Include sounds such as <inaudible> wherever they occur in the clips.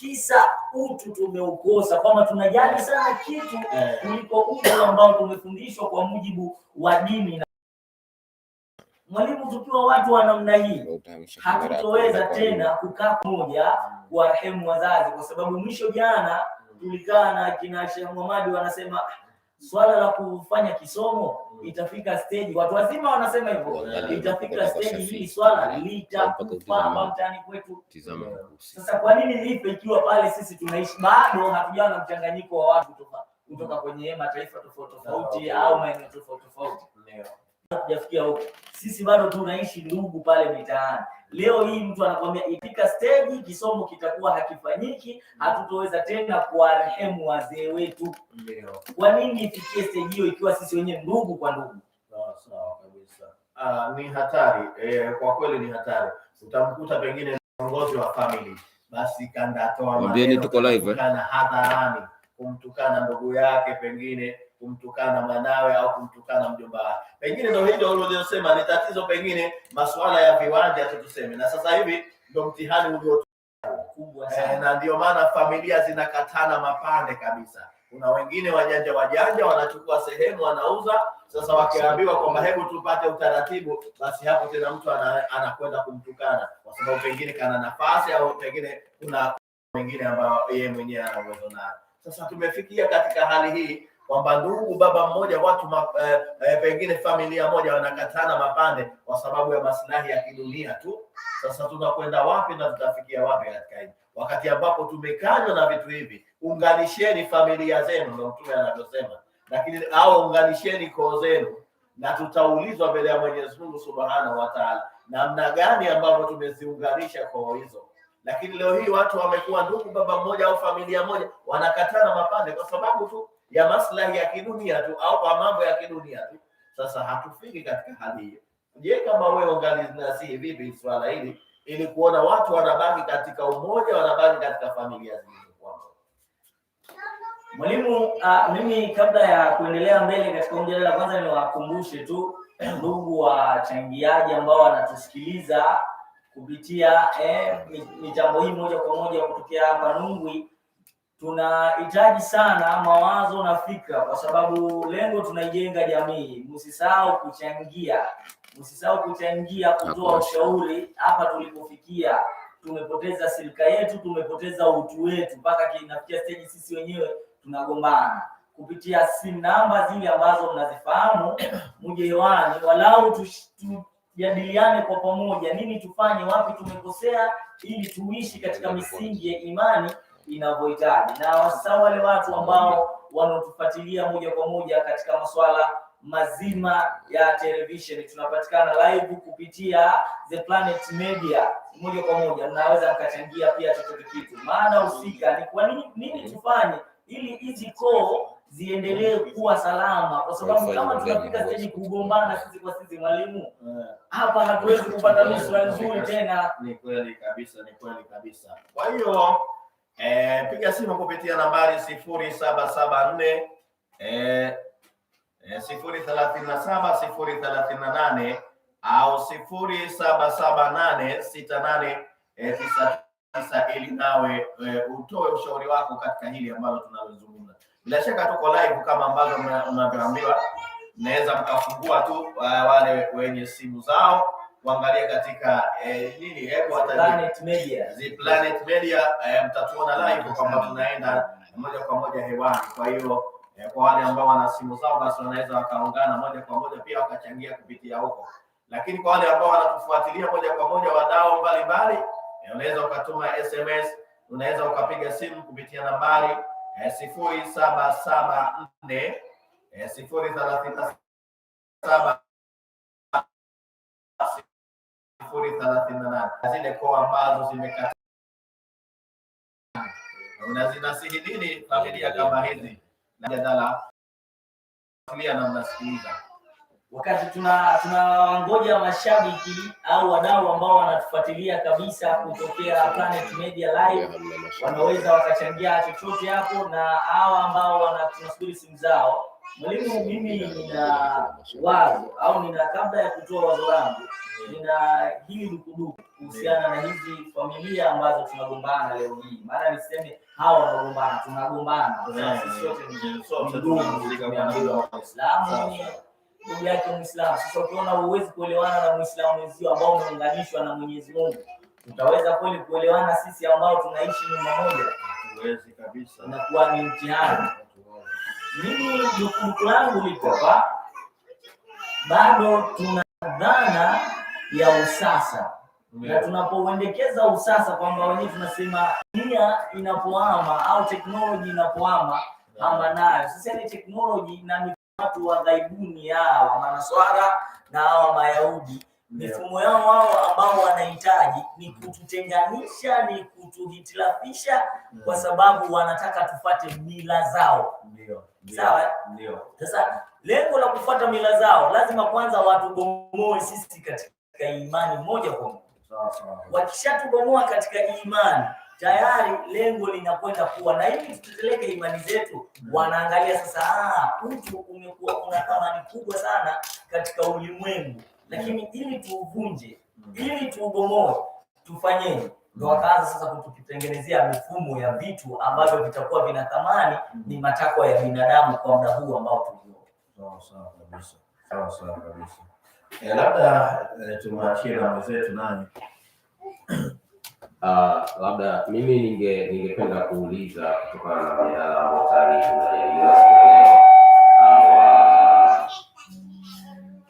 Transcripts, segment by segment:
kisa utu tumeukosa, kwamba tunajali sana kitu kuliko utu ambao tumefundishwa kwa mujibu wa dini na mwalimu. Tukiwa watu wa namna hii, hatutoweza tena kukaa pamoja kuwarehemu wazazi, kwa sababu mwisho jana tulikaa na kina Sheikh Muhammad wanasema swala la kufanya kisomo mm. itafika stage, watu wazima wanasema hivyo, itafika stage hili swala litakufa mtaani kwetu. Mm. Sasa kwa nini lipe ikiwa pale sisi tunaishi bado hatujawa na mchanganyiko wa watu kutoka mm. kwenye mataifa tofauti tofauti au maeneo tofauti tofauti, hatujafikia huko. Sisi bado tunaishi ndugu pale mitaani. Leo hii mtu anakwambia ifika stage kisomo kitakuwa hakifanyiki, hatutoweza tena kuwarehemu wazee wetu. Kwa nini ifikie stage hiyo ikiwa sisi wenye ndugu kwa ndugu? Sawa sawa kabisa. Ah, ni hatari eh, kwa kweli ni hatari. Utamkuta pengine kiongozi wa family basi kanda atoa maneno, tuko live eh? hadharani kumtukana ndugu yake pengine kumtukana mwanawe au kumtukana mjomba wake. Pengine ndio hilo ulilosema ni tatizo, pengine masuala ya viwanja tu tuseme, na sasa hivi ndio mtihani ulio kubwa eh, sana e, na ndio maana familia zinakatana mapande kabisa. Kuna wengine wajanja wajanja wanachukua sehemu wanauza. Sasa wakiambiwa kwamba hebu tupate utaratibu, basi hapo tena mtu anakwenda ana kumtukana, kwa sababu pengine kana nafasi au pengine kuna wengine ambao yeye mwenyewe ana uwezo nayo. Sasa tumefikia katika hali hii kwamba ndugu baba mmoja watu ma, eh, eh, pengine familia moja wanakatana mapande kwa sababu ya maslahi ya kidunia tu. Sasa tunakwenda wapi na tutafikia wapi katika hili, wakati ambapo tumekanywa na vitu hivi? Unganisheni familia zenu, ndo Mtume anavyosema, lakini au unganisheni koo zenu, na tutaulizwa mbele ya Mwenyezi Mungu Subhanahu wa Ta'ala, namna gani ambavyo tumeziunganisha koo hizo. Lakini leo hii watu wamekuwa ndugu baba mmoja au familia moja wanakatana mapande kwa sababu tu ya maslahi ya kidunia tu au kwa mambo ya kidunia tu. Sasa hatufiki katika hali hiyo. Je, kama wewe ungalinasihi vipi swala hili ili kuona watu wanabaki katika umoja, wanabaki katika familia zilizokuwa Mwalimu, uh, mimi kabla ya kuendelea mbele katika mjadala, kwanza niwakumbushe tu eh, ndugu wachangiaji ambao wanatusikiliza kupitia eh, mitambo hii moja kwa moja kutokea hapa Nungwi tunahitaji sana mawazo na fikra, kwa sababu lengo tunaijenga jamii. Msisahau kuchangia, msisahau kuchangia, kutoa ushauri. Hapa tulipofikia tumepoteza silika yetu, tumepoteza utu wetu, mpaka kinafikia stage sisi wenyewe tunagombana kupitia simu namba zile ambazo mnazifahamu, <coughs> mje hewani, walau tujadiliane kwa pamoja, nini tufanye, wapi tumekosea, ili tuishi katika misingi ya imani inavyohitaji. Na hasa wale watu ambao wanaotufuatilia moja kwa moja katika masuala mazima ya television, tunapatikana live kupitia The Planet Media moja kwa moja, mnaweza mkachangia pia chochote kitu. Maana husika ni kwa nini, nini tufanye ili hizi koo ziendelee kuwa salama, kwa sababu kama tunapita stage kugombana sisi kwa sisi, mwalimu eh. hapa hatuwezi kupata nusura nzuri tena. Ni kweli kabisa, ni kweli kabisa. Kwa hiyo E, piga simu kupitia nambari sifuri saba saba nne e, e, sifuri thelathini na saba sifuri thelathini na nane au sifuri saba saba nane sita nane e, tisa tisa ili nawe e, utoe ushauri wako katika hili ambalo tunalozungumza. Bila shaka tuko live kama ambavyo mnavyoambiwa, naweza mkafungua tu wale wenye simu zao kuangalia katika eh, eh hebu hata Planet Media, The Planet Media eh, mtatuona live kwamba tunaenda moja kwa moja hewani. Kwa hiyo eh, kwa wale ambao wana simu zao basi wanaweza wakaungana moja kwa moja pia wakachangia kupitia huko, lakini kwa wale ambao wanatufuatilia moja kwa moja, wadau mbalimbali, eh, unaweza ukatuma SMS, unaweza ukapiga simu kupitia nambari eh, sifuri saba saba nne eh, sifuri thelathini na saba thelathini na nane zile koo ambazo zimekata na zinasihi nini familia kama hizi na jadala tulia na mnasikiliza wakati tuna tunangoja mashabiki au wadau ambao wanatufuatilia kabisa kutokea Planet Media Live, wanaweza wakachangia chochote hapo, na hawa ambao tunasubiri simu zao. Mwalimu, mimi nina wazo au nina, kabla ya kutoa wazo langu lina hili dukuduku kuhusiana na hizi familia ambazo tunagombana leo hii. Maana niseme hawa wanagombana, tunagombana eh, sisi sote Waislamu, ndugu yake Muislamu. Sasa ukiona huwezi kuelewana na Muislamu wenzio ambao umeunganishwa na Mwenyezi Mungu, utaweza kweli kuelewana? Sisi ambao tunaishi nyumba moja, huwezi kabisa, inakuwa ni mtihani. Mimi dukuduku langu liko hapa, bado tuna dhana ya usasa yeah. Na tunapouendekeza usasa kwamba wenyewe tunasema dunia inapoama au teknoloji inapoama ama nayo sasa ni teknoloji na watu wa ghaibuni hawa manaswara na hawa Mayahudi mifumo yao wao ambao wanahitaji ni kututenganisha, ni kutuhitilafisha kwa mm. sababu wanataka tufate mila zao. sawa. sasa lengo la kufuata mila zao lazima kwanza watugomoe sisi katika katika imani moja kwa moja. Wakishatubomoa katika imani tayari lengo linakwenda kuwa na hivi, tuteteleke imani zetu, hmm. wanaangalia sasa, ah, mtu umekuwa una thamani kubwa sana katika ulimwengu, lakini hmm. ili tuuvunje, hmm. ili tuubomoe, tufanyeni Ndio wakaanza sasa kutukitengenezea mifumo ya vitu ambavyo vitakuwa vina thamani, ni matakwa ya binadamu kwa muda huu ambao tulio. Sawa sawa kabisa, sawa sawa kabisa. E, labda e, tumwachie na mwenzetu nani. Uh, labda mimi ninge ningependa kuuliza kutokana na mjadala wa taarifa wa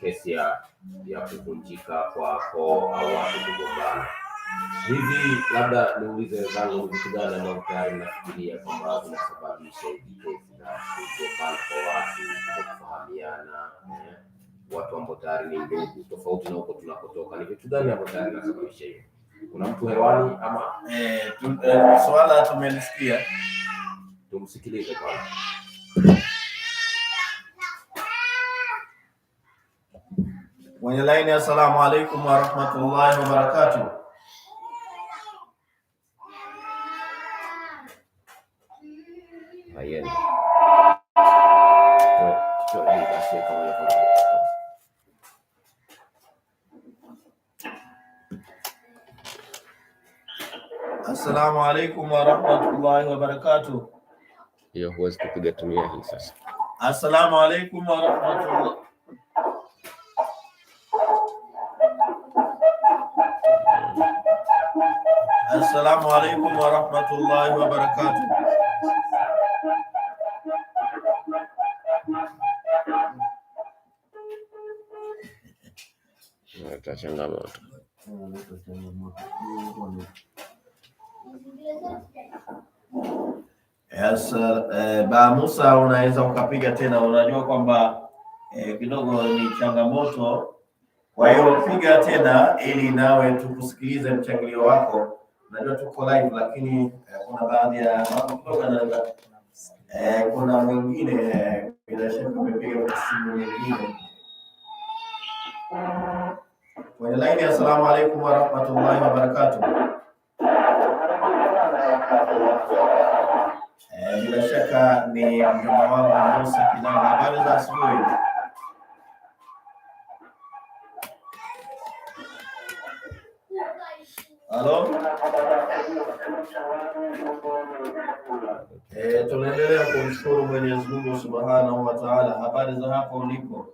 kesi ya ya kuvunjika kwa koo au watu kugombana hivi, labda niulize wenzangu, vitu gani ambavyo tayari nafikiria kwamba vinasababisha hivi kesi na kugombana kwa watu kutofahamiana eh? watu ambao tayari ni ndugu, tofauti na huko tunakotoka. Ni vitu gani ambavyo tayari nasababisha hiyo? Kuna mtu hewani ama eh? Tu, eh, swala tumelisikia, tumsikilize kwanza. Mwenye laini, assalamu alaikum warahmatullahi wabarakatuh. Hayeni. Assalamu alaikum warahmatullahi wabarakatuh. Hiyo huwezi kupiga tumia hii sasa. Assalamu alaikum warahmatullah. Assalamu alaikum warahmatullahi wabarakatuh. Changamoto Uh, eh, ba Musa, unaweza ukapiga tena. Unajua kwamba eh, kidogo ni changamoto, kwa hiyo piga tena ili nawe tukusikilize mchangilio wako. Unajua tuko live, lakini eh, kuna baadhi ya mambo kidogo anaweza eh, kuna mwingine eh, bila shaka umepiga simu nyingine kwenye laini. Assalamu alaikum warahmatullahi wabarakatuh. Bwana, habari za asubuhi. Halo, eh, tunaendelea kumshukuru Mwenyezi Mungu Subhanahu wa Ta'ala. Habari za hapo ulipo?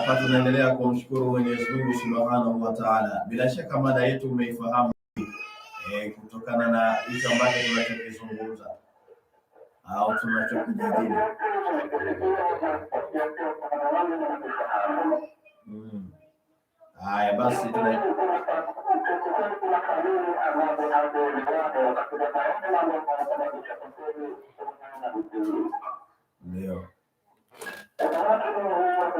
hapa tunaendelea kumshukuru Mwenyezi Mungu Subhanahu wa Ta'ala. Bila shaka mada yetu umeifahamu e, kutokana na hicho ambacho tunachokizungumza au tunachokijadili hmm. Haya basi tuna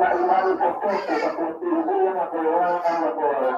una calidad la